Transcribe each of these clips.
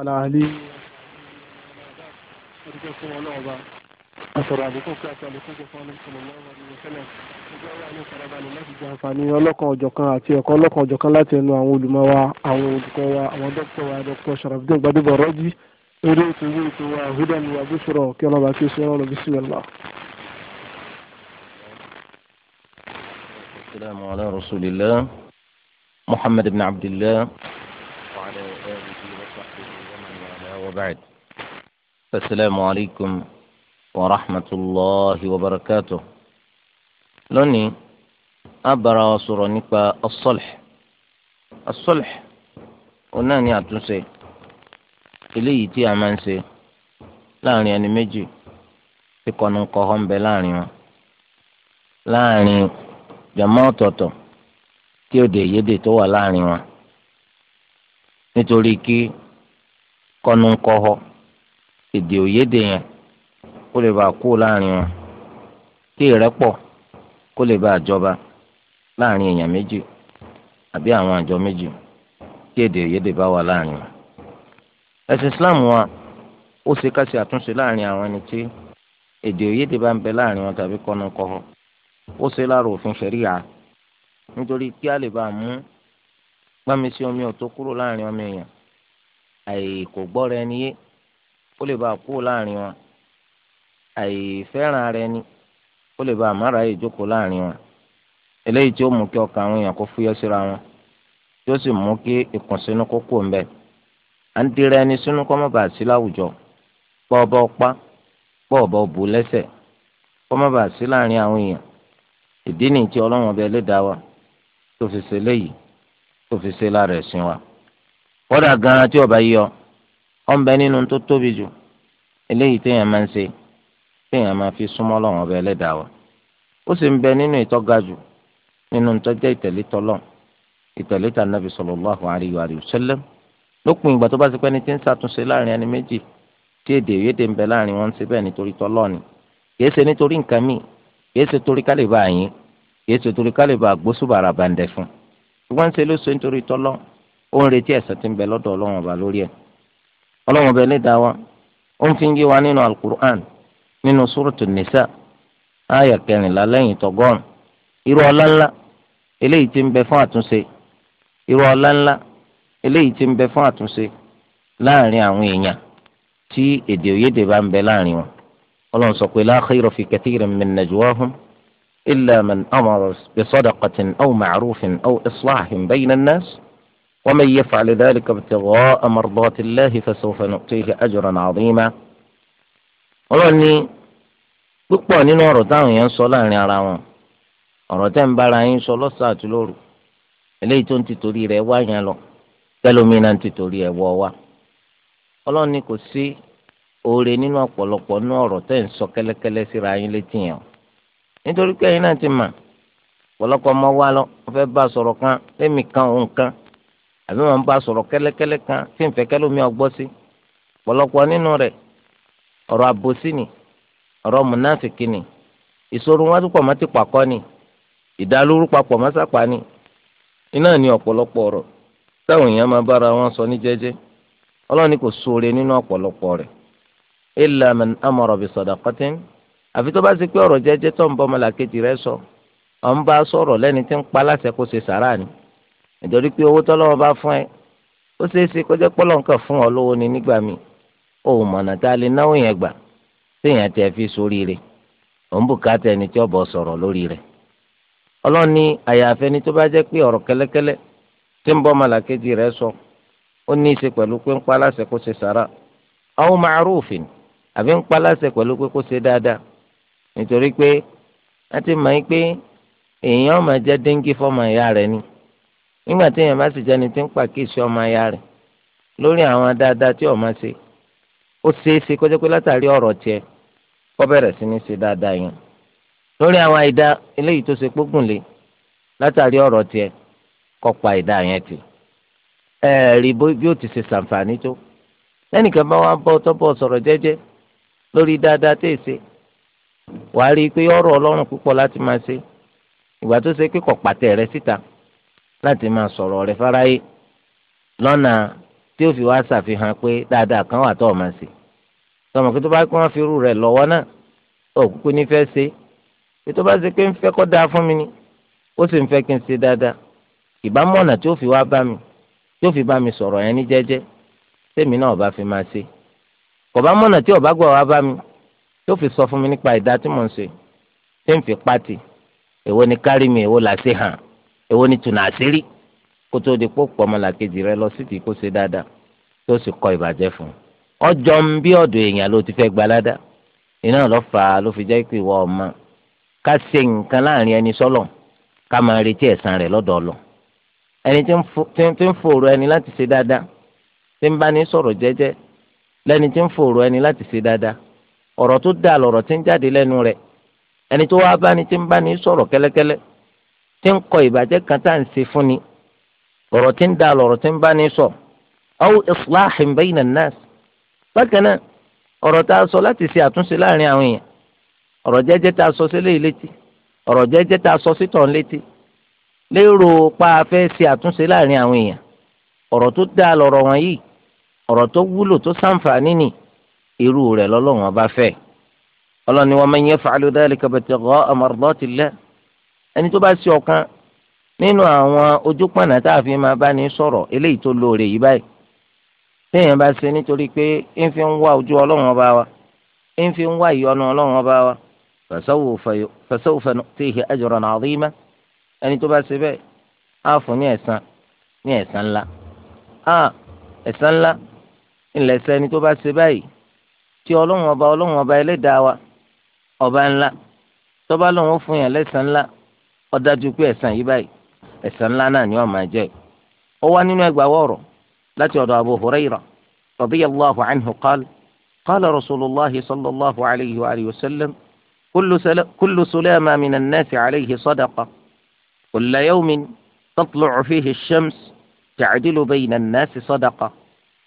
aláàlí ọdún fún ọlọ́ọ̀bá asọ̀rọ̀ àbùkù kí àtàlùkù jẹ fún ọlọ́ọ̀bá ọlọ́ọ̀bá ìwọ̀sẹ́lẹ̀ ọjọ́ wà ní ìfarabalẹ̀ láti jẹ àǹfààní ọlọ́kan ọ̀jọ̀kan àti ẹ̀kọ́ ọlọ́kan ọ̀jọ̀kan láti ẹnu àwọn olùmọ̀ wa àwọn olùkọ́ wa àwọn dókítà wa dókítà Sharafdeen Gbadebo Raji eré ètò ìwé ètò wa hudan wa bushra kí ọlọ́ba kí ó sọ ọlọ́ bismillah. السلام على رسول الله محمد بن عبد الله وبعد السلام عليكم ورحمة الله وبركاته لوني أبرا وصورة نكبة الصلح الصلح قلنا أن يعتنسي إليه تي أمانسي láàrin ẹni méjì ìkọnu kọ̀ọ̀kan ń bẹ láàrin wọn láàrin jàmá ọ̀tọ̀ọ̀tọ̀ tí òde ìyédè tó wà kọ́nùkọ́họ èdè òyédè yẹn kó lè bàa kú láàrin wọn kí ìrẹ́pọ̀ kó lè bàa jọba láàrin èèyàn méjì àbí àwọn àjọ méjì kí èdè òyédè bá wà láàrin wọn. ẹ̀sìn Islam wa ó ṣe ká àtúnṣe láàrin àwọn ẹni tí èdè òyédè bá ń bẹ láàrin wọn tàbí ó ṣe òfin àìkò gbọ́ra ẹni yé ó lè bá kú láàrin wọn àìfẹ́ràn ara ẹni ó lè bá àmàrà yìí jókòó láàrin wọn eléyìí tí ó mú kí ọkàn àwọn èèyàn kó fúyẹ́ síra wọn tí ó sì mú kí ìkùnsínú kó kú ń bẹ à ń dira ẹni sínú kọ́ mọ́ bàá sí láwùjọ pọ́ ọba ọpá pọ́ ọba ọbù lẹ́sẹ̀ kọ́ sí láàrin àwọn èèyàn ìdí nìyí tí ọlọ́run ọba ẹlẹ́dàá wa tó fi ṣe léyìí tó fi ṣe lára ẹ̀sìn wa kódà gan tí ọba yọ ọ̀n bẹ nínú tó tóbi jù eléyìí téèyàn máa ń ṣe téèyàn máa fi súnmọ́ lọ́wọ́n ọba ẹlẹ́dàá wa ó sì ń bẹ nínú ìtọ́ga jù nínú ìtọ́jẹ́ ìtẹ̀lé tọ́lọ̀ ìtẹ̀lé tà nàbì sallallahu alaihi wa sallam lópin ìgbà tó bá ti pẹ́ ni tí ń ṣàtúnṣe láàrin ẹni méjì tí èdè ìyédè ń bẹ láàrin wọn ń ṣe bẹ́ẹ̀ nítorí tọ́lọ̀ ni kìí ṣe nítorí nǹkan míì kìí ṣe torí kálíbà yín kìí ṣe torí kálíbà gbósùbàrà bàǹdẹ̀ fún ṣùgbọ́n ń ṣe ló ṣe nítorí tọ́lọ́ ó ń retí ẹ̀san tí ń bẹ lọ́dọ̀ ọlọ́run ọba lórí ẹ̀ ọlọ́run ọba ẹlẹ́dàá wa ó ń fi ń yé wa nínú alukur'an nínú súrọ̀tù nìsà ayà kẹrìnlá lẹ́yìn tọgọ́rùn irú ọlá ńlá eléyìí tí ń bẹ fún àtúnṣe irú ọlá ńlá eléyìí tí ń bẹ fún àtúnṣe láàrin àwọn èèyàn tí èdè òyédè bá ń bẹ láàrin wọn ọlọ́run sọ pé la khayra fi kathirin min najwahum illa man amara bi sadaqatin aw ma'rufin aw islahin bayna an-nas ومن يفعل ذلك ابتغاء مرضات الله فسوف نؤتيه أجرا عظيما ọlọ́run púpọ̀ nínú ọ̀rọ̀ táwọn èèyàn ń sọ láàrin ara wọn ọ̀rọ̀ tẹ́ ń bára yín sọ lọ́sàá àti lóru eléyìí tó ń tìtorí rẹ̀ wá yẹn lọ ń tìtorí ẹ̀ wọ́ wa ọlọ́run kò sí oore nínú ọ̀pọ̀lọpọ̀ nínú ọ̀rọ̀ tẹ́ ń sọ kẹ́lẹ́kẹ́lẹ́ síra yín létí yẹn nítorí pé àbí wọn bá sọrọ kelekele kan tí ń fẹ́ kẹ́lómi ọgbọ sí pọ̀lọpọ̀ nínú rẹ ọrọ àbòsí ni ọ̀rọ̀ ni ìṣòro wọn tó ti ni ìdálórú papọ̀ mọ́ ni iná ni ọ̀pọ̀lọpọ̀ ọ̀rọ̀ táwọn èèyàn máa bára wọn sọ ní jẹ́jẹ́ ọlọ́run ni kò sóore nínú àfi tó bá sọ ọ̀ ń bá sọ̀rọ̀ lẹ́ni tí ń pa ni nítorí pé owó tọ́lọ́wọ́ bá fún ẹ ó ṣeé ṣe kọjá pọ́lọ́ nǹkan fún ọ lówó ni nígbà míì ó mọ̀nà tá a lè náwó yẹn gbà téèyàn fi sórí rẹ̀ òun bùkátà ẹni tí ọ̀bọ̀ sọ̀rọ̀ lórí ọlọ́run ní àyàfẹ́ ni tó bá jẹ́ pé ọ̀rọ̀ kẹ́lẹ́kẹ́lẹ́ tí ń bọ́ màlàkejì sọ ó ní í ṣe pẹ̀lú pé ń pa aláṣẹ kó ṣe sàrà aw ma'rufin àbí ń pa aláṣẹ pẹ̀lú pé kó ṣe dáadáa nítorí pé láti mọ̀ pé èèyàn máa jẹ́ fọ́mọ ìyá rẹ ni nígbà tí èèyàn bá sì jẹni tí ń pàkíyèsí ọmọ aya rẹ̀ lórí àwọn dáadáa tí ọmọ ṣe ó ṣeé ṣe kó jẹ́ pé látàrí ọ̀rọ̀ tiẹ̀ kó bẹ̀rẹ̀ sí ní ṣe dáadáa yẹn lórí àwọn àìdá eléyìí tó ṣe pógùn lé látàrí ọ̀rọ̀ tiẹ̀ kó pa àìdá yẹn tì ẹ rí bí ó ti ṣe ṣàǹfààní tó lẹ́nìkan bá wá bọ́ tọ́bọ̀ sọ̀rọ̀ jẹ́jẹ́ lórí dáadáa tẹ̀ ṣe wàá rí i pé ọ̀rọ̀ ọlọ́run púpọ̀ láti máa ṣe ìgbà tó ṣe pé kó pàtẹ́ síta. Si láti máa sọ̀rọ̀ rẹ̀ fáráyé lọ́nà tí ó fi wá ṣàfihàn pé dáadáa kan wà tó o máa ṣe tọmọ kí tó bá kí wọ́n fi irú rẹ̀ lọ́wọ́ náà ó kúkú ní fẹ́ ṣe kí tó bá ṣe pé ń fẹ́ kó dáa fún mi ni ó sì ń fẹ́ kí n ṣe dáadáa ìbámọ̀nà tí ó fi wá bá mi tí ó fi bá mi sọ̀rọ̀ yẹn ní jẹ́jẹ́ tèmi náà ọba fi máa ṣe kò bá mọ̀nà tí ọba gbọ́ wá bá mi tí ó fi sọ fún mi nípa ìdá tí mò ń ṣe tí ń fi pátì èwo ni kárí mi èwo là ṣe hàn èwo ni tùnà àṣírí kó tó di pópọ̀ ọmọlàkejì rẹ lọ sídìí kó ṣe dáadáa tó sì kọ ìbàjẹ́ fún un ọjọ́ ń bí ọ̀dọ̀ èèyàn ló ti fẹ́ gbalada iná lọ fà á ló fi jẹ́ pé ìwọ ọmọ ká ṣe nǹkan láàrin ẹni sọ́lọ̀ ká máa retí rẹ̀ lọ́dọ̀ ọlọ ẹni tí ń fòrò ẹni láti ṣe dáadáa tí ń bá ní sọ̀rọ̀ jẹ́jẹ́ lẹni tí ń ẹni láti ṣe dáadáa ọ̀rọ̀ tó lọ̀rọ̀ tí ń jáde lẹ́nu rẹ̀ ẹni tó wá bá ní tí ń bá tí ń kọ ìbàjẹ́ kan tá à ń ṣe fún ni ọ̀rọ̀ tí ń da lọ̀rọ̀ tí ń bá ní sọ aw islahin bayna an-nas bákan náà ọ̀rọ̀ tá a sọ láti ṣe àtúnṣe láàrin àwọn èèyàn ọ̀rọ̀ jẹ́jẹ́ tá a sọ sí léyìí létí ọ̀rọ̀ jẹ́jẹ́ tá a sọ sí tọ̀hún létí lérò pa afẹ́ ṣe àtúnṣe láàrin àwọn èèyàn ọ̀rọ̀ tó dáa lọ̀rọ̀ wọn yìí ọ̀rọ̀ tó wúlò tó sàǹfààní nì irú rẹ̀ lọ́lọ́run ọba fẹ́ ọlọ́ni wa man yaf'alu dhalika ibtigha'a mardati llah ẹni tó bá sí ọ̀kan nínú àwọn ojúpọ̀nà tá a fi máa bá ní sọ̀rọ̀ eléyìí tó lóore yìí báyìí téèyàn bá ṣe nítorí pé ń fi ń wá ojú ọlọ́run ọba wa ń fi ń wá ọlọ́run ọba wa fasawfa nu'tihi ajran 'azima ẹni tó bá ṣe bẹ́ẹ̀ á fún ní ẹ̀san ní ẹ̀san ńlá á ẹ̀san ńlá ńlẹ̀ sẹ́ni tó bá ṣe báyìí tí ọlọ́run ọba ọlọ́run ọba ẹlẹ́dàá wa ọba ńlá tó bá lóun fún yàn ó dájú pé ẹ̀san yìí báyìí ẹ̀san ńlá náà ni wọ́n máa jẹ́ ó wá nínú ẹgbàá wọ̀rọ̀ láti ọ̀dọ̀ Abu hurayra rabi allahu anhu qal qala rasulullahi sallallahu alayhi wa alihi wa sallam kullu sulama min an-nasi alayhi sadaqa kulla yawmin تطلع shams الشمس تعدل بين الناس صدقة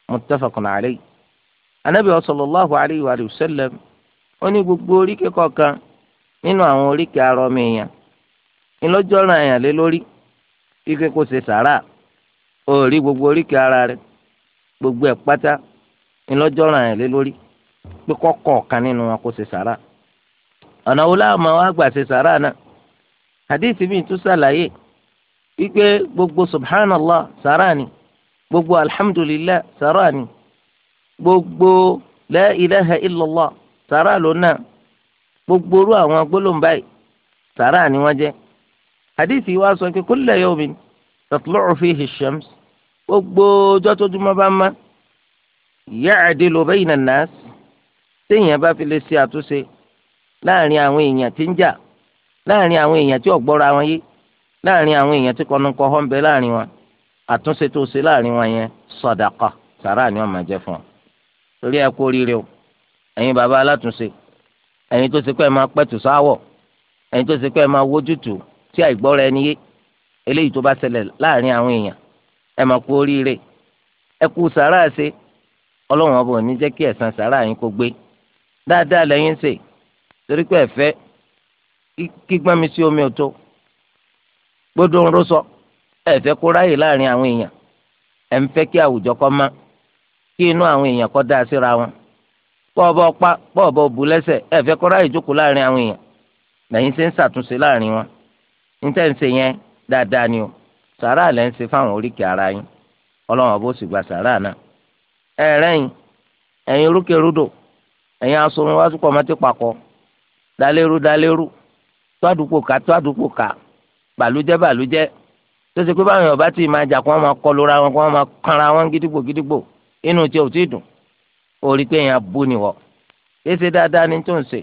متفق عليه النبي صلى الله عليه alayhi wa sallam wani gbogbo orike kọ̀ọ̀kan nínú àwọn oríkè ara ọmọ ńlọ́jọ́ ràn yàn lé lórí ike kó ṣe sàrà ó rí gbogbo oríkì ara rẹ gbogbo ẹ̀ pátá ńlọ́jọ́ ràn yàn lé lórí pé kọ́kọ́ kan nínú wọn kó ṣe sàrà ọ̀nà wo láwọn máa wá gbà ṣe sàrà náà hadith mi tún ṣàlàyé wípé gbogbo subhanallah sàrà ni gbogbo alhamdulillah sàrà ni gbogbo la ilaha illallah sàrà lónà gbogbo orú àwọn gbólóhùn báyìí sàrà ni wọ́n jẹ́ hadithi wa sọ pé kulla yawmin tatlu'u fihi shams gbogbo ọjọ́ tó dúmọ́ bá má ya'dilu bayna an-nas téèyàn bá fi lè ṣe àtúnṣe láàrin àwọn èèyàn tí ń jà láàrin àwọn èèyàn tí ọ̀gbọ́ra wọn yé láàrin àwọn èèyàn tí kọ́nùkọ́ hàn bẹ́ láàrin wọn àtúnṣe tó ṣe láàrin wọn yẹn sàdákà sàrà ni wọn máa jẹ torí ẹ kú oríire o ẹ̀yin bàbá alátúnṣe ẹ̀yin tó ṣe pé ẹ máa pẹ̀tù sáwọ̀ ẹ̀yin tó ṣe pé ẹ máa wójútùú tí àìgbọ́ra ẹni yé eléyìí tó bá ṣẹlẹ̀ láàrin àwọn èèyàn ẹ máa kú oríire ẹ kú ni ṣe ọlọ́run esan ò ní jẹ́ kí ẹ̀san sàárà yín kó gbé dáadáa lẹ́yìn ṣe torí pé ẹ̀fẹ́ omi ò tó ń rọ́ṣọ ẹ̀fẹ́ kó ráyè láàrin àwọn èèyàn ẹ̀ ń fẹ́ kí àwùjọ kó má kí inú àwọn èèyàn dáa síra wọn pọ́ọ̀bọ pa pọ́ọ̀bọ bù lẹ́sẹ̀ ẹ̀fẹ́ kó ráyè jókòó láàrin àwọn èèyàn lẹ́yìn ṣe ń ṣàtúnṣe láàrin wọn níta ń ṣe yẹn dáadáa ni o sàrà lẹ́ ń ṣe fáwọn oríkèé ara yín ọlọ́run ọ̀bọ sì gba sàrà náà ẹ̀rẹ́yìn ẹ̀yin rúkèrúdò ẹ̀yin asorun wá sùpọ̀ mọ́tì pàkọ́ dalérú dalérú tó àdúgbò ká tó àdúgbò ká bàlújẹ́ bàlújẹ́ tó ṣe pé báwọn ọba tí máa jà kó wọn máa kọlu ra wọn kó wọn máa kanra wọn gidigbo gidigbo inú tí o ti dùn orí pé èèyàn bú ni wọ ṣé dáadáa ni tó ń ṣe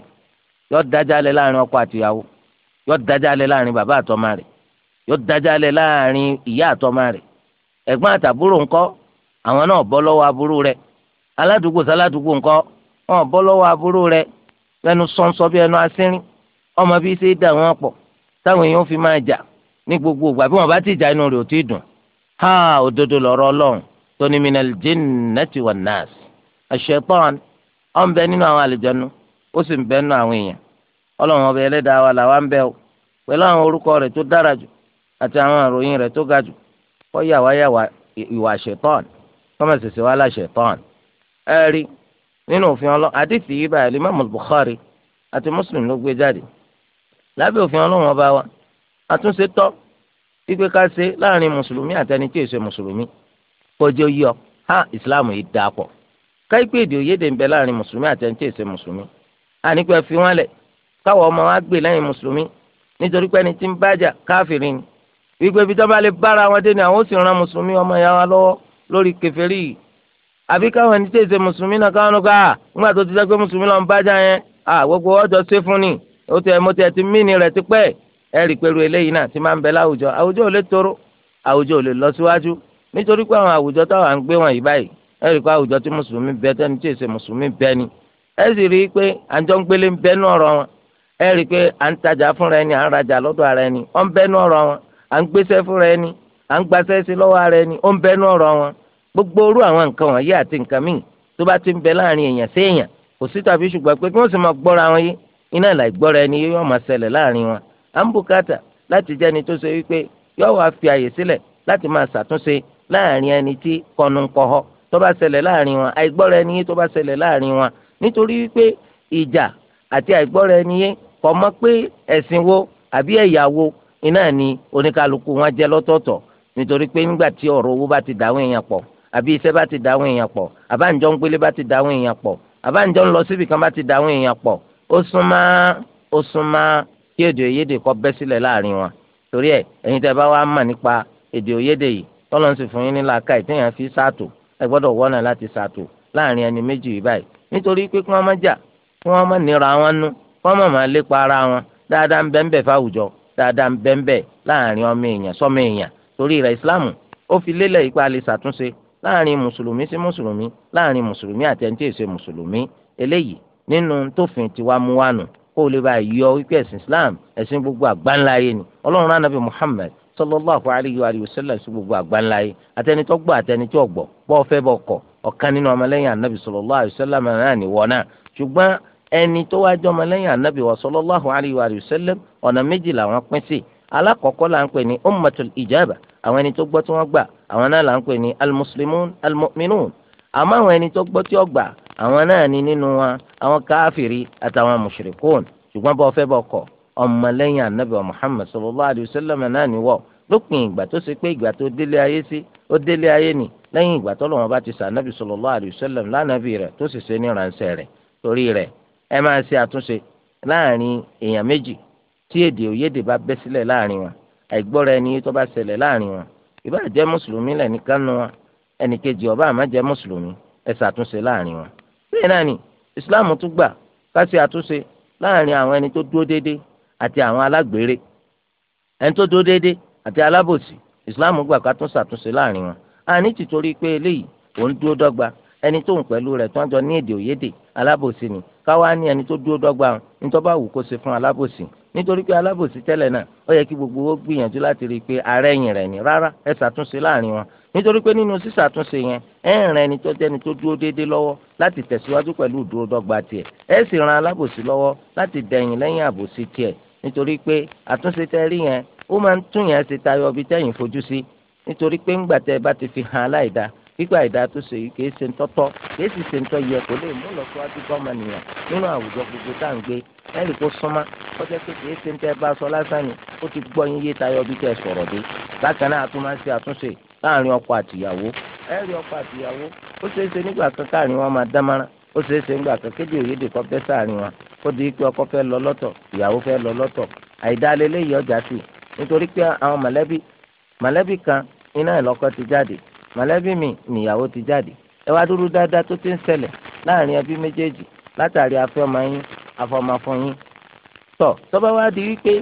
yọ dájà láàrin ọkọ àtìyàwó yóò dájà lẹ láàrin bàbá àtọmọ rẹ̀ yóò dájà lẹ láàrin ìyá àtọmọ rẹ̀ ẹ̀gbọ́n àtàbúrò ńkọ́ àwọn náà bọ́ lọ́wọ́ aburú rẹ̀ aládùúgbò sáládùúgbò ńkọ́ wọn bọ́ lọ́wọ́ aburú rẹ̀ lẹ́nu sọ́nsọ́ bí ẹnu asínrín ọmọ bí ṣe dà wọ́n pọ̀ táwọn èèyàn fi máa jà ní gbogbo ìgbà bí wọ́n bá ti jà inú rẹ̀ ò tí ì dùn ha òdodo lọ̀rọ̀ Ọlọ́run tó ní minal jinnati wan nas ash-shaytan ó ń bẹ nínú àwọn àlùjànnú ó sì ń bẹ nínú àwọn èèyàn ọlọ́run ọba ẹlẹ́dàá wa làwa ń bẹ̀ o pẹ̀lú àwọn orúkọ rẹ̀ tó dára jù àti àwọn àròyìn rẹ̀ tó ga jù kọ́ yàwáyàwá ìwà ṣẹ̀tọ́n kọ́mọ̀ ṣẹ̀ṣẹ̀ wá láṣẹ̀tọ́n. ẹ rí nínú òfin ọlọ́ àdìsí yìí báyìí Imam Bukhari àti Muslim ló gbé jáde lábẹ́ òfin ọlọ́run ọba wa àtúnṣe tọ́ wípé ká ṣe láàrin mùsùlùmí àtẹni tí èso mùsùlùmí kọjọ yíyọ ha ìsìláàmù yìí dáa pọ̀ káyipé èdè òyédè ń bẹ láàrin mùsùlùmí àtẹni tí èso mùsùlùmí àníkú ẹ fi wọn lẹ̀ káwọn ọmọ wa gbè lẹ́yìn mùsùlùmí nítorí pé ẹni tí ń bájà káfìrí ni wípé ibi tó bá lè bára wọn dé ni àwọn ó sì ran mùsùlùmí ọmọ ìyá wa lọ́wọ́ lórí kèfèrí yìí àbí káwọn ẹni tí èsè mùsùlùmí náà káwọn ló ká à ńgbà tó ti sẹ́ pé mùsùlùmí lọ́n bájà yẹn à gbogbo ọjọ́ ṣe fún ni ó ti ẹ̀ mo ti ẹ̀ ti mí ni rẹ̀ ti pẹ́ ẹ̀ rí pẹ̀lú eléyìí náà ti máa ń bẹ láwùjọ àwùjọ ò lè tòrò àwùjọ ò lè lọ síwájú nítorí pé àwọn àwùjọ táwọn à ń gbé wọn yìí báyìí ẹ rí pé àwùjọ tí mùsùlùmí bẹ tẹni tí èsè mùsùlùmí bẹ ni ẹ sì rí i pé àjọ ń gbélé ń bẹ náà rọ wọn ẹ rí i pé à ń tajà fúnra ẹni à ń rajà lọ́dọ̀ ara ẹni ó ń bẹ́nu ọ̀rọ̀ wọn à ń gbéṣẹ́ fúnra ẹni à ń gbaṣẹ́ sí lọ́wọ́ ara ẹni ó ń bẹ́nu ọ̀rọ̀ wọn gbogbo orú àwọn nǹkan wọ̀nyí àti nǹkan míì tó bá ti ń bẹ láàrin èèyàn sí èèyàn kò sí tàbí ṣùgbọ́n pé kí wọ́n sì máa gbọ́ra wọn yé iná ìlà ìgbọ́ra ẹni yóò máa ṣẹlẹ̀ láàrin wọn à ń bùkátà láti jẹ́ni tó ṣe wípé yóò wá fi àyè sílẹ̀ láti máa ṣàtúnṣe láàrin ẹni tí kọnùkọ̀họ tó bá ṣẹlẹ̀ láàrin wọn àìgbọ́ra ẹni yé tó bá ṣẹlẹ̀ láàrin wọn nítorí wípé ìjà àti àìgbọ́ra ẹni yé kò mọ̀ pé ẹ̀sìn wo àbí ẹ̀yà wo iná ni oníkálukú wọn jẹ́ lọ́tọ̀ọ̀tọ̀ nítorí pé nígbà tí ọ̀rọ̀ owó bá ti dàwọn èèyàn pọ̀ àbí iṣẹ́ bá ti dàwọn èèyàn pọ̀ àbáǹjọ ń gbélé bá ti dàwọn èèyàn pọ̀ àbáǹjọ ń lọ síbi kan bá ti dàwọn èèyàn pọ̀ ó súnmọ́ ó súnmọ́ kí èdè òyédè kó bẹ́ sílẹ̀ láàrin wọn torí ẹ̀ ẹ̀yin tẹ́ bá wá mọ̀ nípa èdè òyédè yìí tọ́lọ́n sì fún yín ní làákà ìtẹ̀yàn fi sàtò ẹ gbọ́dọ̀ wọ́nà láti sàtò láàrin ẹni méjì yìí báyìí nítorí pé kí wọ́n má jà kí wọ́n má nira wọn nú wọ́n mọ̀ máa lépa ara wọn dáadáa ń bẹ́ńbẹ́ fáwùjọ dáadáa ń bẹ́ńbẹ́ láàrin ọmọ èèyàn sọ́mọ èèyàn torí rẹ̀ ìsìláàmù ó fi lélẹ̀ ipa lè ṣàtúnṣe láàrin mùsùlùmí sí mùsùlùmí láàrin mùsùlùmí àti ẹni tí èsè mùsùlùmí eléyìí nínú tófin tiwa mú kó o lè bá yọ wípé ẹ̀sìn islam ẹ̀sìn gbogbo àgbáńláyé ni ọlọ́run anabi muhammed sallallahu alayhi wa sallam sí gbogbo àgbáńláyé àtẹnitọ́ gbọ́ àtẹnitọ́ gbọ́ bọ́ọ̀ fẹ́ bọ́ọ̀ ọ̀kan nínú ọmọlẹ́yìn anabi sallallahu alayhi wa sallam náà nìwọ náà ṣùgbọ́n ẹni tó wá jọmọ lẹ́yìn anabi wa sallallahu alayhi wa sallam ọ̀nà méjì làwọn pín sí alákọ̀ọ́kọ́ là ń pè ní ummatul ijaba àwọn ẹni tó gbọ́ tí wọ́n gbà àwọn náà là ń pè ní almuslimun almu'minun àmọ́ àwọn ẹni tó gbọ́ tí wọ́n gbà àwọn náà ni nínú wa àwọn káfìrí àtàwọn mushrikun ṣùgbọ́n bọ́ fẹ́ bọ́ kọ̀ ọmọ lẹ́yìn anabi wa muhammad sallallahu alayhi wa náà ni wọ́ lópin ìgbà tó ṣe pé ìgbà tó délé ayé sí ó délé ayé ni lẹ́yìn ìgbà tó lọ́wọ́n bá ti sànàbì sallallahu alayhi wa lánàbì rẹ̀ tó sì ṣe ní ránṣẹ́ rẹ̀ torí rẹ̀ ẹ máa ṣe àtúnṣe láàrin èèyàn méjì tí èdè òyédè bá bẹ́ sílẹ̀ láàrin wọn àìgbọ́ra ẹni tó bá ṣẹlẹ̀ láàrin wọn ìbá jẹ́ mùsùlùmí lẹ́nìkan nu wọn ẹnìkejì ọba àmọ́ jẹ́ mùsùlùmí ẹ ṣàtúnṣe láàrin wọn. bẹ́ẹ̀ náà ni ìsìláàmù tún gbà ká ṣe àtúnṣe láàrin àwọn ẹni tó dúró déédé àti àwọn alágbèrè ẹni tó dúró déédé àti alábòsí ìsìláàmù gbà ká tún ṣàtúnṣe láàrin wọn. àní tìtorí pé eléyìí òun dúró dọ́gba ẹni tóun pẹ̀lú rẹ̀ tó ń jọ ní èdè òyédè alábòsí ni káwá ní ẹni tó dúró dọ́gba nítorí bá wù kó ṣe fún alábòsí nítorí pé alábòsí tẹ́lẹ̀ náà ó yẹ kí gbogbo ó gbìyànjú láti rí i pé arẹ́yìn rẹ̀ ni rárá ẹ ṣàtúnṣe láàrin wọn nítorí pé nínú sísàtúnṣe yẹn ẹ ń ran ẹni tó jẹ́ni tó dúró déédéé lọ́wọ́ láti tẹ̀síwájú pẹ̀lú ìdúró dọ́gba tiẹ̀ ẹ sì ran alábòsí lọ́wọ́ láti dẹ̀yìn lẹ́yìn àbòsí tiẹ̀ nítorí pé àtúnṣe tẹ́ rí yẹn ó máa ń tún ṣe tayọ ibi tẹ́yìn fojú sí nítorí pé ńgbà tẹ́ bá ti fi hàn aláìda gbígbà ìdá tó ṣe yìí kìí ṣe ń tọ́tọ́ kìí sì ṣe ń tọ́ yẹ kó lè mú lọ síwájú nínú àwùjọ gbogbo tá à ń gbé ẹnì kó súnmá ó jẹ́ pé kìí ṣe ń tẹ́ bá sọ lásán ni ó ti gbọ́ yín yé tayọ bí tẹ́ sọ̀rọ̀ dé bákan náà a máa ń ṣe àtúnṣe láàrin ọkọ àtìyàwó ẹ̀rí ọkọ àtìyàwó ó ṣeé ṣe nígbà kan káàrin wọn máa dámára ó ṣeé ṣe nígbà kan kéde sáàrin wọn ó di pé ọkọ fẹ́ lọ lọ́tọ̀ ìyàwó fẹ́ lọ ọjà sí nítorí pé àwọn kan mọ̀lẹ́bí mi nìyàwó ti jáde ẹ wá dúró dáadáa tó ti ń ṣẹlẹ̀ láàrin ẹbí méjèèjì látàrí afẹ́ọmọ yín afọmọfún yín tọ tọ́ba wá di wípé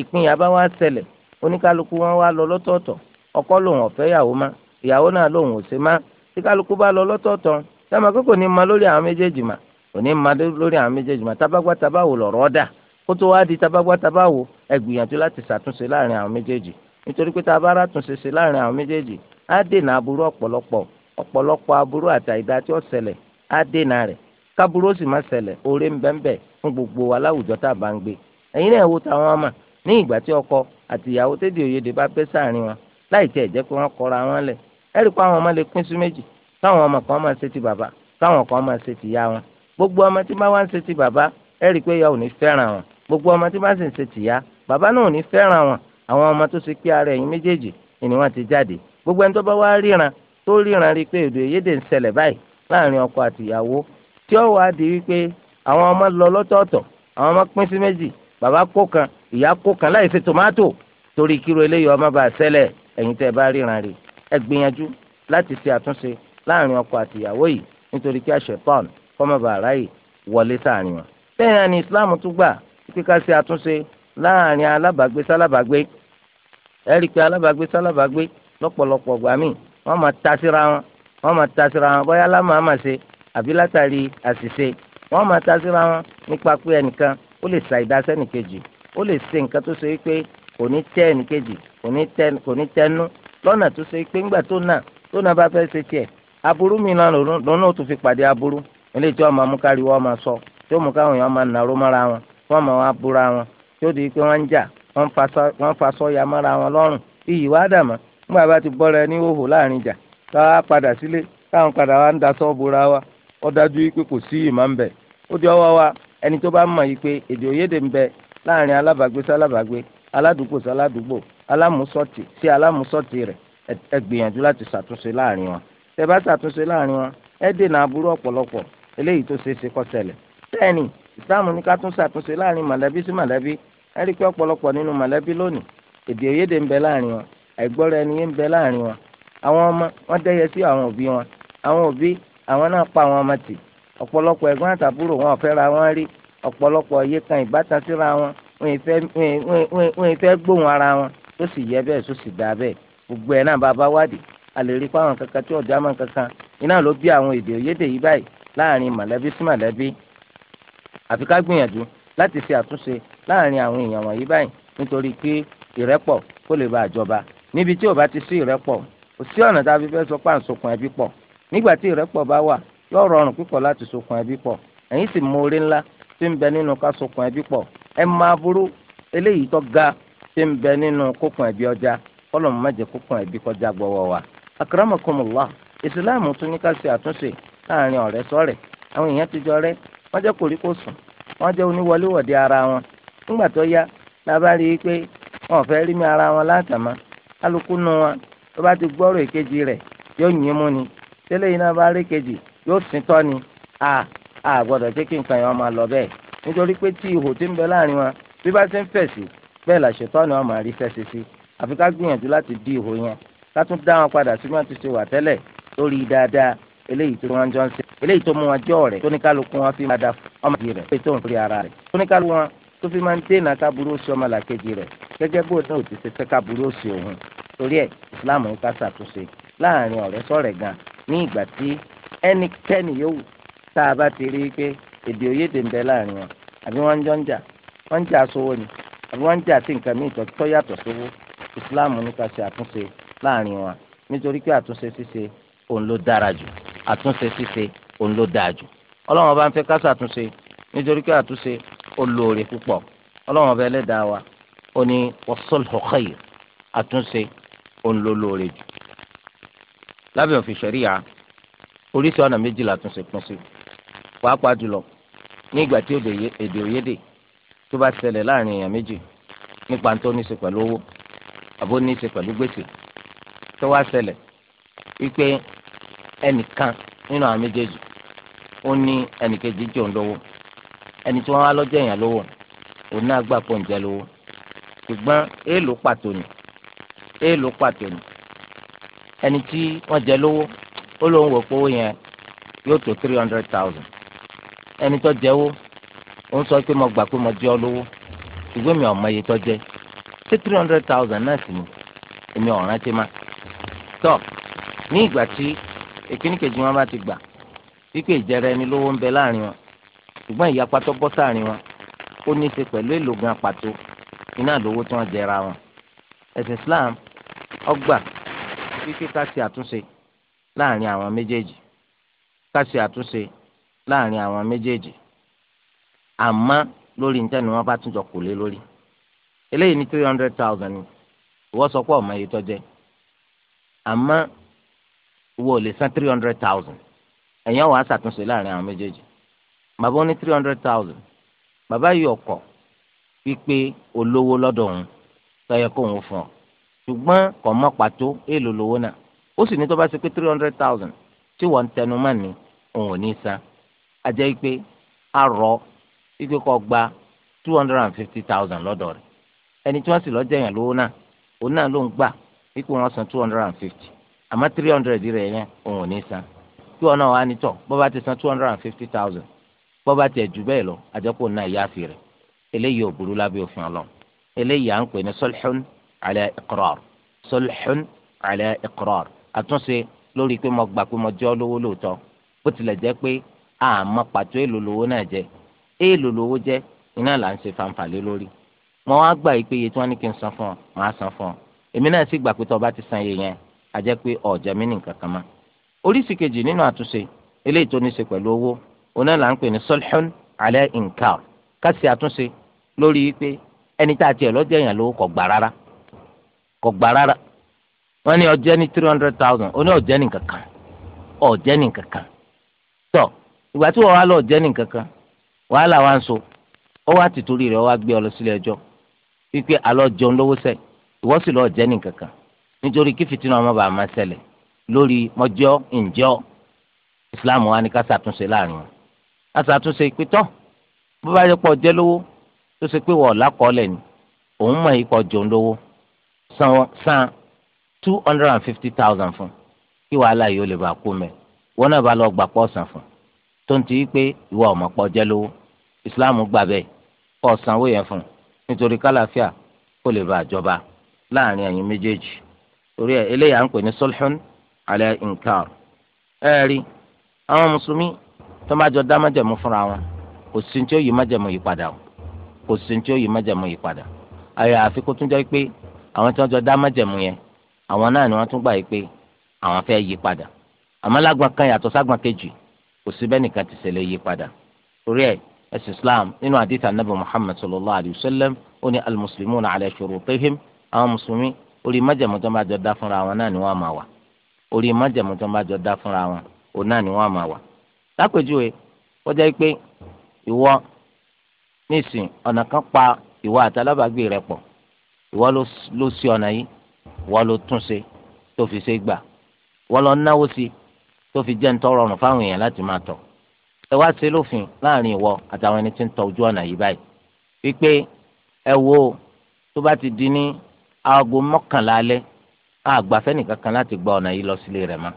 ìpínyà bá wá ṣẹlẹ̀ oníkálukú wọn wá lọ lọ́tọ̀ọ̀tọ̀ ọkọ lòun ọ̀fẹ́ yàwó má ìyàwó náà lòun ò ṣe má tí kálukú bá lọ lọ́tọ̀ọ̀tọ̀ sẹ́mi akókò ní ma lórí àwọn méjèèjì mà kò ní ma lórí àwọn méjèèjì mà tabagbá tabáwo lọ̀rọ̀ dà kó tó wá di tabagbá tabáwo ẹ gbìyànjú láti ṣàtúnṣe láàrin àwọn méjèèjì nítorí pé tá a bá rà túnṣe ṣe láàrin àwọn méjèèjì á dènà aburú ọ̀pọ̀lọpọ̀ ọ̀pọ̀lọpọ̀ aburú àtàìdá tí ó ṣẹlẹ̀ á dènà rẹ̀ káburú ó sì má ṣẹlẹ̀ oore ń bẹ́ńbẹ́ fún gbogbo wa láwùjọ tá a bá ń gbé ẹ̀yin náà wo táwọn ọmọ ní ìgbà tí ọkọ àti ìyàwó tẹ́dí òyedè bá bẹ́ sáàrin wọn láì tẹ̀ jẹ́ pé wọ́n kọra wọn lẹ̀ ẹ̀rí pa àwọn ọmọ lè pín sí méjì táwọn ọmọ kan máa ṣe ti bàbá táwọn kan máa ṣe ti ìyá wọn gbogbo ọmọ tí bá wá ń ṣe ti bàbá ẹ̀rí pé ìyá ò ní fẹ́ràn wọn gbogbo ọmọ tí bá ń ṣe ti ìyá bàbá náà ò ní fẹ́ràn wọn àwọn ọmọ tó ṣe pé ara ẹ̀yin méjèèjì ni wọ́n ti jáde gbogbo ẹni tó bá wá ríran tó ríran rí i pé èdè èyédè ń ṣẹlẹ̀ báyìí láàrin ọkọ àtìyàwó tí ó wàá di wípé àwọn ọmọ lọ lọ́tọ̀ọ̀tọ̀ àwọn ọmọ pín sí méjì bàbá kó kan ìyá kó kan láì fi tòmátò torí kíro eléyìí ọmọ bá ṣẹlẹ̀ ẹ̀yin tẹ́ bá ríran rí ẹ gbìyànjú láti ṣe àtúnṣe láàrin ọkọ àtìyàwó yìí nítorí kí àṣetán kọ́mọ bá ráyè wọlé sáàrin wọn. bẹ́ẹ̀ ni islam tún gbà pé ká ṣe àtúnṣe láàrin alábàágbé sálábàágbé ẹ rí i pé alábàágbé sálábàágbé lọ́pọ̀lọpọ̀ gbà mí wọ́n máa ta síra wọn wọ́n máa ta síra wọn bóyá lámà má ṣe àbí látàrí àṣìṣe wọ́n máa ta síra wọn nípa pé ẹnìkan ó lè sa ìdásẹ́ nìkejì ó lè ṣe nǹkan tó ṣe wípé kò ní tẹ́ ẹnìkejì kò ní tẹnu lọ́nà tó ṣe wípé ńgbà tó nà tó nà bá fẹ́ ṣe tiẹ̀ aburú mi náà lọ́nà ó tún fi pàdé aburú eléyìí tí wọ́n máa mú kárí wọ́n máa sọ tí ó mú káwọn èèyàn máa nàró mọ́ra wọn wọ́n máa wá búra wọn tí ó di pé wọ́n ń jà wọ́n fa sọ́ya mọ́ra wọn lọ́rùn iyì wá dà mọ́ nígbà bá ti bọ́ra ẹni hóhò láàrin ìjà táwa padà sílé táwọn padà wá ń da sọ́ọ̀bù ra wa ó dájú pé kò sí ìmọ̀ ń bẹ̀ ó di ọwọ́ wa ẹni tó bá mọ̀ yìí pé èdè òyédè ń bẹ láàrin alábàgbé sálábàgbé aládùúgbò sáládùúgbò alámùsọ̀tì sí alámùsọ̀tì rẹ̀ ẹ gbìyànjú láti ṣàtúnṣe láàrin wọn bá ṣàtúnṣe láàrin wọn ẹ dènà aburú ọ̀pọ̀lọpọ̀ eléyìí tó ṣeé ṣe ní ká tún ṣàtúnṣe láàrin mọ̀lẹ́bí àìgbọ́ra ẹni yẹn ń bẹ láàrin wọn àwọn ọmọ wọn dẹ́yẹ sí àwọn òbí wọn àwọn òbí àwọn náà pa àwọn ọmọ tì ọ̀pọ̀lọpọ̀ ẹ̀gbọ́n àtàbúrò wọn ò fẹ́ ra wọn rí ọ̀pọ̀lọpọ̀ iye kan ìbátan síra wọn wọn ì fẹ́ gbóhùn ara wọn tó sì yẹ bẹ́ẹ̀ tó sì dá bẹ́ẹ̀ gbogbo ẹ̀ náà bàbá wádìí a rí i kankan tí ọ̀dọ́ àmọ́ kankan iná ló bí àwọn èdè òyédè yìí báyìí láàrin mọ̀lẹ́bí sí mọ̀lẹ́bí àfi ká gbìyànjú láti ṣe àtúnṣe láàrin àwọn èèyàn wọ̀nyí báyìí nítorí pé ìrẹ́pọ̀ kó lè bá àjọba níbi tí ò bá ti sí ìrẹ́pọ̀ kò sí ọ̀nà tá a fi fẹ́ sọ pé à ń sokùn ẹbí pọ̀ nígbà tí ìrẹ́pọ̀ bá wà yóò rọrùn púpọ̀ láti sokùn ẹbí pọ̀ ẹ̀yin sì mọ orí ńlá tí ń bẹ nínú ká sokùn ẹbí pọ̀ ẹ máa burú eléyìí tó ga tí ń bẹ nínú kókùn ẹbí ọjà kọlọ̀mù má jẹ́ kókùn ẹbí kọjá gbọ́wọ́ wa. akramakumullah ìsìláàmù tún ní ká ṣe àtúnṣe láàrin ọ̀rẹ́ sọ́rẹ́ àwọn èèyàn ti jọ rẹ́ wọ́n jẹ́ kòríkòsùn wọ́n jẹ́ oníwọléwọ̀de ara wọn nígbà tó yá la bá rí i pé wọn fẹ́ rí mi ara wọn látàmá kálukú nu wọn tó bá ti gbọ́rọ̀ èkejì rẹ̀ yóò yín mú ni tẹ́lẹ̀ yìí náà bá rí kejì yóò sìn tọ́ ni a a gbọ́dọ̀ jẹ́ kí nǹkan yẹn wọn máa lọ bẹ́ẹ̀ nítorí pé tí ihò ti ń bẹ láàrin wọn bí bá ti ń fẹ̀sì bẹ́ẹ̀ làṣẹ tọ́ ni wọn máa rí fẹ̀sì sí àfi ká gbìyànjú láti dí ihò yẹn ká tún dá wọn padà sí wọn ti ṣe wà tẹ́lẹ̀ lórí dáadáa eléyìí tó wọn jọ ń ṣe eléyìí tó mú wọn jọ rẹ̀ tóníkàlùkù wọn fi máa da ọmọ yìí rẹ̀ tóníkàlùkù wọn tó fi máa ń dènà kábúrú sí ọmọlàkejì rẹ̀ gẹ́gẹ́ bó náà ò ti ṣe fẹ́ káàbúrò sí òun torí ẹ̀ islam ń ká ṣàtúnṣe láàrin ọ̀rẹ́ sọ̀rẹ́ gan ní ìgbà tí ẹnikẹ́ni yóò tá a bá ti rí i pé èdè òyédè ń bẹ láàrin wọn àbí wọ́n ń jọ ń jà wọ́n ń jà sówó ni àbí wọ́n ń jà sí nǹkan míì tó yàtọ̀ sówó islam ní ká ṣe àtúnṣe láàrin wọn nítorí pé àtúnṣe ṣíṣe òun ló dára jù àtúnṣe ṣíṣe òun ló dáa jù ọlọ́run bá ń fẹ́ ká ṣàtúnṣe nítorí pé àtúnṣe ó lóore púpọ̀ ọlọ́run ọba ẹlẹ́dàá wa ó ní wasulhu khayr àtúnṣe òǹlólóore jù lábẹ́ òfin ṣẹ̀ríyà oríṣi ọ̀nà méjìlá àtúnṣe pín sí pàápàá jùlọ ní ìgbà tí èdè òyédè tó bá ṣẹlẹ̀ láàrin èèyàn méjì nípa tó ní ṣe pẹ̀lú owó àbó ní ṣe pẹ̀lú gbèsè tó wá ṣẹlẹ̀ wípé ẹnìkan nínú àwọn méjèèjì ó ní ẹnìkejì jòun lówó ẹni tí wọ́n wá lọ́jọ́ èèyàn lówó òun náà gbà pọ̀ ń jẹ lówó ṣùgbọ́n èèlò pàtó ni èèlò pàtó ni ẹni tí wọ́n jẹ lówó ó lóun wò pé owó yẹn yóò tó three hundred thousand ẹni tó jẹ́wó ó ń sọ pé mo gbà pé mo jẹ ọ́ lówó ṣùgbọ́n mi ò mọ iye tó jẹ́ ṣé three hundred thousand náà sì ni èmi ò rántí má tọ́ ní ìgbà tí èkíní kejì wọn bá ti gbà wípé ìjẹrẹ ẹni lówó ń bẹ láàrin wọn ṣùgbọ́n ìyapa tó bọ́ sáàrin wọn ó ní í ṣe pẹ̀lú èlò gan iná lówó tí wọ́n jẹra wọn ẹ̀sìn Islam ọgbà kíkí ká ṣe àtúnṣe láàrin àwọn méjèèjì ká ṣe àtúnṣe láàrin àwọn méjèèjì àmọ́ lórí níta ni wọ́n bá tún jọ kò lé lórí eléyìí ní three hundred thousand ìwọ sọ pé ọmọ yìí tó jẹ àmọ́ ò lè san three hundred thousand ẹ̀yàn wàá ṣàtúnṣe láàrin àwọn méjèèjì bàbá ó ní three hundred thousand bàbá yìí ọkọ̀ wípé olówó lọ́dọ̀ òun tọ́yẹ kó òun fún ọ ṣùgbọ́n kò mọ̀ pàtó èèlò lówó náà ó sì ní tó bá ṣe pé three hundred thousand tí wọ́n ń tẹnu mọ́ ni òun ò ní san á jẹ́ wípé a rọ wípé kó gba two hundred and fifty thousand lọ́dọ̀ rẹ̀ ẹni tí wọ́n sì lọ́ọ́ jẹ̀yàn lówó náà òun náà ló ń gbà wípé wọ́n san two hundred and fifty àmọ́ three hundred rẹ̀ yẹn òun ò ní san kí wọn náà wà nítọ̀ bó bá ti san two hundred and fifty thousand bó bá tiẹ̀ jù bẹ́ẹ̀ lọ àjẹkù náà yáàfin rẹ̀ eléyìí ò burú lábẹ́ òfin ọlọ́run eléyìí à ń pè ní sulhun ala iqrar sulhun ala iqrar àtúnṣe lórí pé mo gbà pé mo jẹ́ olówó lóòótọ́ bó tilẹ̀ jẹ́ pé àmọ́ pàtó èlò lówó náà jẹ́ èlò lówó jẹ́ iná là ń ṣe fanfà lé lórí mo wá gbà yìí pé iye tí wọ́n ní kí n san fún ọ màá san fún ọ èmi náà sì gbà pé tó o bá ti san iye yẹn a jẹ́ pé ọ̀jẹ̀ mi nìkan kan mọ́ oríṣìí kejì nínú àtúnṣe eléyìí tó ní ṣe pẹ̀lú owó oná là ń pè ní sulhun ala inkar ká àtúnṣe lórí pé ẹni tá a tiẹ̀ lọ́jọ́ èèyàn lówó kò gbà rárá kò gbà rárá wọ́n ní ọjọ́ ní three hundred thousand ó ní ọjọ́ ní kankan ọjọ́ ní kankan tọ́ ìgbà tí wọ́n wá lọ ọjọ́ ní kankan wàhálà wa ń so ó wá tìtorí rẹ̀ wá gbé ọ lọ sílé ẹjọ́ wípé àlọ́ jẹun lówó sẹ́ ìwọ́ sì lọ ọjọ́ ní kankan nítorí kí fìtínà ọmọ bàá máa ṣẹlẹ̀ lórí mọ́jọ́ ǹjọ́ ìsìláàmù wa ni ká ṣàtúnṣe láàrin wọn ká ṣàtúnṣe ìpítọ́ bó bá yẹ pọ̀ jẹ́ lówó tó ṣe pé wọ́n lákọọ́lẹ̀ ni òun mọ̀ ipò jòun lówó san two hundred and fifty thousand fún kí wàhálà yìí ó lè bá kú mẹ́ wọn náà bá lọ gbà pọ̀ sàn fún tó ń ti yí pé ìwà ọ̀mọ̀ pọ̀ jẹ́ lówó Islam gbà bẹ́ẹ̀ kọ́ sanwó yẹn fún nítorí kálàáfíà kó lè bá àjọba láàrin ẹ̀yin méjèèjì torí ẹ̀ eléyà ń pè ní sulhun ala inkar ẹ rí àwọn mùsùlùmí tó má jọ dá májẹ̀mú fúnra wọn kò sí tí ó yí májẹ̀mú yìí padà o kò sí tí ó yí májẹ̀mú yìí padà àyà àfi kó tún jẹ́ pé àwọn tí wọ́n jọ dá májẹ̀mú yẹn àwọn náà ni wọ́n tún gbà yìí pé àwọn fẹ́ yí padà àmọ́ lágbọn kan yàtọ̀ ságbọn kejì kò sí bẹ́ẹ̀ nìkan ti ṣẹlẹ̀ yí padà torí ẹ̀ ẹ̀sìn Islam nínú àdìsá nàbì Muhammad sallallahu alayhi wa sallam ó ní al-muslimuna ala shurutihim àwọn mùsùlùmí orí májẹ̀mú tó ń bá jọ dá fúnra wọn náà ni wọ́n máa wà orí májẹ̀mú tó ń bá jọ dá fúnra wọn òun náà ni wọ́n máa wà. lápèjúwe ó jẹ́ pé ìwọ nísìn ọ̀nà kan pa ìwọ àtàlábàgbé rẹ pọ̀ ìwọ ló sí ọ̀nà yìí ìwọ ló tún ṣe tó fi ṣe gbà ìwọ lọ náwó sí tó fi jẹ́ ntọ́ rọrùn fáwọn èèyàn láti máa tọ̀ ẹ wá ṣe lófin láàrin ìwọ àtàwọn ẹni tí ń tọ ojú ọ̀nà yìí báyìí wípé ẹ wo tó bá ti di ní aago mọ́kànlá alẹ́ àgbàfẹ́ nìkan kan láti gba ọ̀nà yìí lọ sílé rẹ̀ mọ́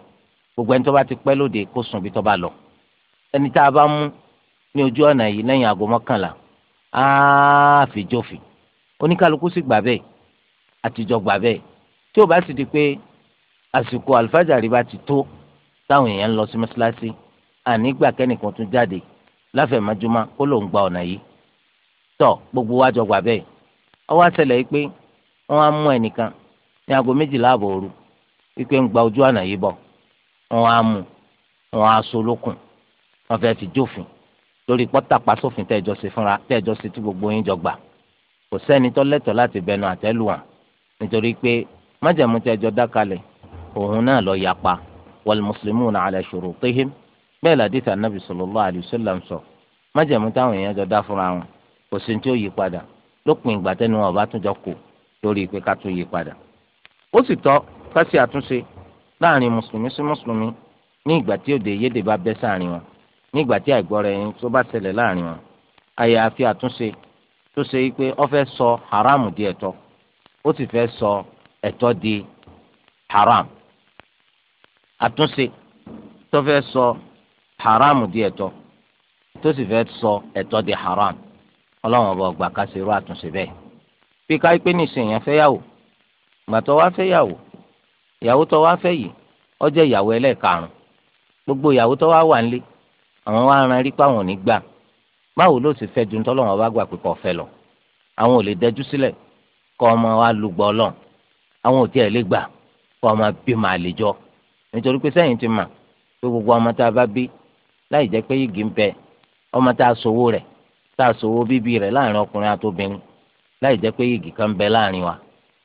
gbogbo ẹni tó bá ti pẹ́ lóde kó sùn bí tó bá lọ ẹni tá a bá mú ní ojú ọ̀nà yìí lẹ́yìn aago mọ́kànlá àfijọ́fì ah, oníkálukú sì gbà bẹ́ẹ̀ àtijọ́ gbà bẹ́ẹ̀ tí ó bá sì di pé àsìkò àlùfájàrí bá ti tó táwọn èèyàn ń lọ sí mọ́ṣáláṣí ànígbà kẹ́nìkan tún jáde láfẹ̀mọ́júmọ́ kó ló gba ọ̀nà yìí tọ́ gbogbo wa jọ gbà bẹ́ẹ̀ ọwọ́ àṣẹlẹ̀ yìí pé wọ́n á mú ẹnìkan ní aago méjìlá àbọ̀ òru wípé ń gba ojú ọ̀nà yìí bọ̀ wọ́n á mú wọ́n á so lókun wọ́n fẹ́ fi jófin lórí pọ́tàpá sófin tẹ́ẹ̀jọ́ ṣe fúnra tẹ́ẹ̀jọ́ ṣe tí gbogbo yín jọ gbà kò sẹ́ni tó lẹ́tọ̀ọ́ láti bẹnu àtẹ́lù wọn nítorí pé májẹ̀mú tẹ́ẹ̀jọ́ dákalẹ̀ òun náà lọ yapa wal muslimuna ala shurutihim bẹ́ẹ̀ làdìsí anábì sallallahu alayhi wa sallam sọ májẹ̀mú táwọn èèyàn jọ dá fúnra wọn kò sí tí ó yí padà lópin ìgbà tẹ́nu wọn ò kù lórí pé ká tún yí padà ó sì tọ́ ká ṣe àtúnṣe láàrin mùsùlùmí sí mùsùlùmí ní ìgbà tí òde yédè bá bẹ́ sáàrin wọn nígbà tí àìgbọ́ra ẹni tó bá ṣẹlẹ̀ láàrin wọn àyàfi àtúnṣe tó ṣe pé ó fẹ́ sọ di ẹ̀tọ́ ó sì fẹ́ sọ ẹ̀tọ́ di haram àtúnṣe tó fẹ́ sọ haramu di ẹ̀tọ́ tó sì fẹ́ sọ ẹ̀tọ́ di haram ọlọ́run ọba ọgbà ká ṣe irú àtúnṣe bẹ́ẹ̀ bí ká pé nìṣẹ́ yẹn fẹ́ yàwó gbàtọ́ wá fẹ́ gbogbo ìyàwó àwọn wá ran rí pé àwọn ò ní gbà báwo ló ti fẹ́ ju tọ́lọ́ wọn bá gbà pé kò fẹ́ lọ àwọn ò lè dẹjú sílẹ̀ kọ́ ọmọ wa lu gbọ́ lọ àwọn ò tiẹ̀ lè gbà kọ́ ọmọ bí màá lè jọ nítorí pé sẹ́yìn ti mà pé gbogbo ọmọ tá a bá bí láì jẹ́ pé igi ń bẹ ọmọ tá a sowó rẹ̀ tá a sowó bíbí rẹ̀ láàrin ọkùnrin àtobìnrin láì jẹ́ pé igi kan bẹ láàrin wa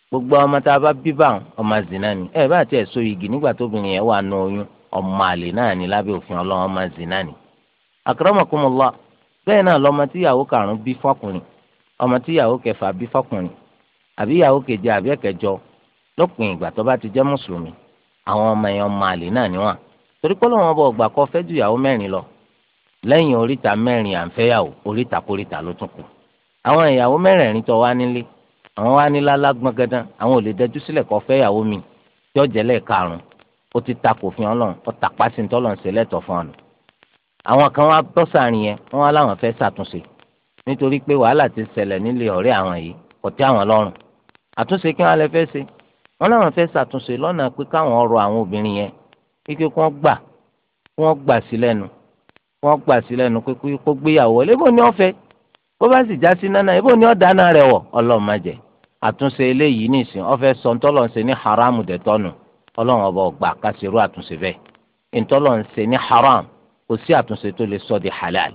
gbogbo ọmọ tá a bá bí báwọn ọmọ zina ni ẹ bá tiẹ̀ so igi nígbà tóbìnrin yẹn wà nù oyún ọmọ àlè náà ni lábẹ́ òfin ọlọ́run ọmọ zina ni akramakumullah bẹ́ẹ̀ náà lọ́mọ tí ìyàwó karùn-ún bí fọkùnrin ọmọ tí ìyàwó kẹfà bí fọkùnrin àbí ìyàwó keje àbí ẹ̀kẹjọ lópin ìgbà tó bá ti jẹ́ mùsùlùmí àwọn ọmọ yẹn ọmọ àlè náà níwọ̀n torí pé lọ́wọ́n bọ̀ ọgbà kọ́ fẹ́ ju ìyàwó mẹ́rin lọ lẹ́yìn oríta mẹ́rin àǹfẹ́yàwó oríta kóríta ló tún kù àwọn ìyàwó mẹ́rẹ̀ẹ̀rin tó wá nílé àwọn wá nílá lágbọ́n gẹ́dán àwọn ò lè dẹjú sílẹ̀ kọ́ fẹ́yàwó mi tí ọ̀jẹ̀lẹ̀ karùn-ún ó ti takò fún ọlọ́run ó tàpá sí ní tọ́lọ́run ṣe lẹ́tọ̀ọ́ fún ọ̀nà àwọn kan wá bọ́ sàárín yẹn wọ́n wá láwọn fẹ́ ṣàtúnṣe nítorí pé wàhálà ti ṣẹlẹ̀ nílé ọ̀rẹ́ àwọn yìí kò tẹ́ àwọn lọ́rùn àtúnṣe kí wọ́n lè fẹ́ ṣe wọ́n láwọn fẹ́ ṣàtúnṣe lọ́nà pé káwọn ọ̀rọ̀ àwọn obìnrin yẹn kíkẹ́ kí wọ́n gbà kí wọ́n gbà sí lẹ́nu kí wọ́n gbà sí lẹ́nu pé kó gbéyàwó wọlé bó ni wọ́n fẹ́ bó bá sì já sí nánà ibo ni wọ́n dáná rẹ̀ wọ̀ ọlọ́run má jẹ́ àtúnṣe eléyìí nìsín ó fẹ́ sọ ntọ́lọ́ ṣe ní haram dẹ̀ haram kò sí àtúnṣe tó lè sọ di halal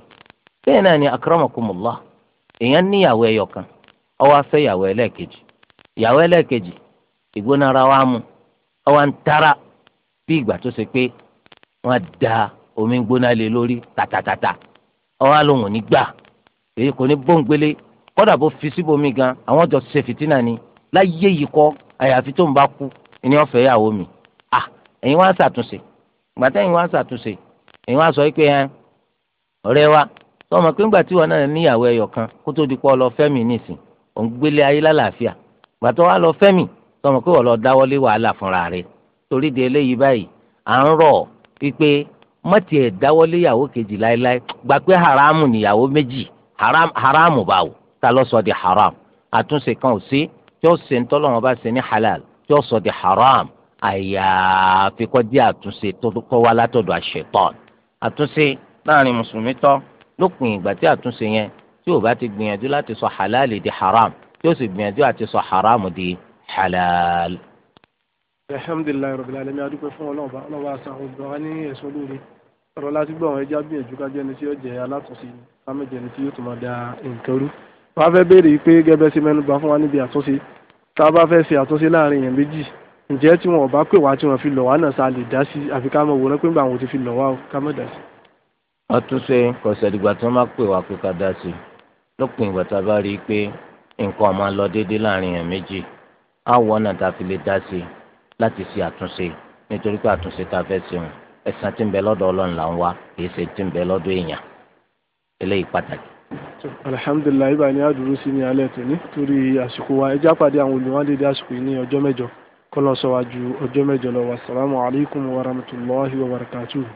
bẹ́ẹ̀ náà ni akramakumullah èèyàn níyàwó ẹyọ kan ó wá fẹ́ yàwó ẹlẹ́ẹ̀kejì yàwó ẹlẹ́ẹ̀kejì ìgbónára wa mú ó wá ń tara bí ìgbà tó ṣe pé wọ́n da omi gbóná lé lórí tàtàtàtà ó wá lòun ò ní gbà èyí kò ní bóńgbélé kódà bó fi síbòmí gan àwọn jọ ṣe fìtínà ni láyé yìí kọ́ àyàfi tó ń bá kú ni wọ́n fẹ́ yàwó mi à ẹ̀yin wá ń ṣàtúnṣe gbàtẹ́yìn wá ń ṣàtúnṣe ìwọ́n aṣọ pé ẹ ọ̀rẹ́ wa sọmọ pé ńgbà tí wọn náà níyàwó ẹyọ kan kó tó di pọ lọ fẹ́mi nísìn òun gbélé ayé lálàáfíà gbàtọ wa lọ fẹ́mi sọmọ pé wọn lọ dáwọ́lé wàhálà fúnra rẹ̀ torí di eléyìí báyìí à ń rọ pípé mọtì ẹ dáwọ́lé ìyàwó kejì láéláé gbà pé haramu níyàwó méjì haram haramu báwo ta ló sọ di haram àtúnṣe kan ò sí tí ó ṣe ń tọ́lọ́ wọn bá ṣe ní halal tí ó sọ di haram àyàfi kọ́ di àtúnṣe tó wá látọ̀dọ̀ àṣetán àtúnṣe láàrin mùsùlùmí tọ́ lópin ìgbà tí àtúnṣe yẹn tí ò bá ti gbìyànjú láti sọ halal di haram tí ó sì gbìyànjú àti sọ haram di halal. alhamdulilayi rabbil alamin adúpẹ́ fún Ọlọ́run bá Ọlọ́run bá a san olùdó wa ní ẹ̀sùn olóore ọ̀rọ̀ láti gbọ́ àwọn ẹja gbìyànjú kájọ ẹni tí ó jẹ́ alátúnṣe kámẹ́jẹ ẹni tí yóò tún máa da nǹkan rú. wọ́n á fẹ́ béèrè pé gẹ́gẹ́ bẹ́ẹ̀ sí mẹ́nu ǹjẹ́ tí wọn ò bá pè wá tí wọn fi lọ̀ wá náà sá lè dá sí àfi ká mọ̀ wòran pé ńgbà wọn ti fi lọ̀ wá o ká mọ̀ dá sí. wọ́n tún ṣe kò sẹ́dìgbà tí wọ́n bá pè wá pé ká dá sí lópin ìgbà tá a bá rí i pé nǹkan máa lọ déédéé láàrin èèyàn méjì á wọ ọ̀nà tá a fi lè dá sí láti ṣe àtúnṣe nítorí pé àtúnṣe tá a fẹ́ ṣe wọn ẹ̀san tí ń bẹ lọ́dọ̀ ọlọ́run là ń wá kìí ṣe tí ń bẹ lọ́dọ̀ èèyàn eléyìí pàtàkì. ni a dúró kọ́lọ́sọ̀wájú ọjọ́ mẹ́jọ lọ wàsálàmù alaykum wa rahmatulahi wa barakatuhu.